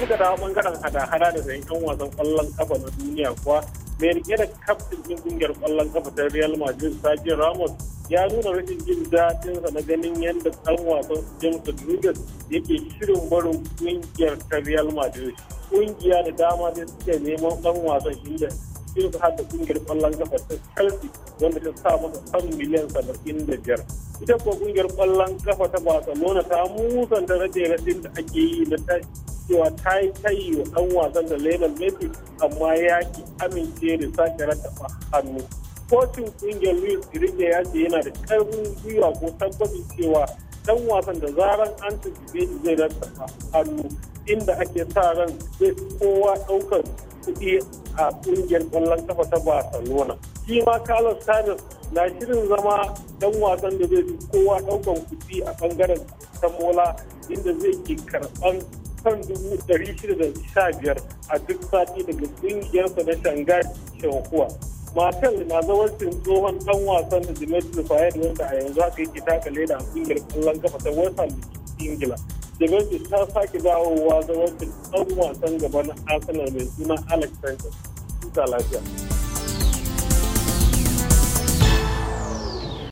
muka dawo bangaren hada-hada da sayan yan wasan kwallon kafa na duniya kuwa mai rike da kaftin ɗin kungiyar kwallon kafa ta Real Madrid Sergio Ramos ya nuna rashin jin daɗinsa na ganin yadda ɗan wasan James Rodriguez yake shirin barin kungiyar ta Real Madrid. Kungiya da dama da suke neman ɗan wasan shi da su haɗa kungiyar kwallon kafa ta Chelsea wanda ta sa masa kan miliyan saba'in da biyar. Ita kuwa kungiyar kwallon kafa ta Barcelona ta musanta rage rasin da ake yi na cewa ta yi ta yi wa ɗan wasan da Lionel Messi amma ya ki amince da sake ratafa hannu. Kocin ƙungiyar Luis Enrique ya ce yana da ƙarfin gwiwa ko tabbacin cewa ɗan wasan da zaran an tuntuɓe zai rattafa hannu inda ake sa ran zai kowa ɗaukar kuɗi a ƙungiyar ƙwallon kafa ta Barcelona. Shi ma Carlos Sanchez na shirin zama dan wasan da zai fi kowa ɗaukar kuɗi a ɓangaren ta mola inda zai ke karɓan kan dubu ɗari shida da sha biyar a duk sati daga ƙungiyarsa na shangar shahuwa matan na zawarcin tsohon ɗan wasan da dimitri fayed wanda a yanzu yi yi taka leda a ƙungiyar ƙwallon kafa ta west ham ingila dimitri ta sake dawowa zawarcin ɗan wasan gaba na arsenal mai suna alex sanchez lafiya.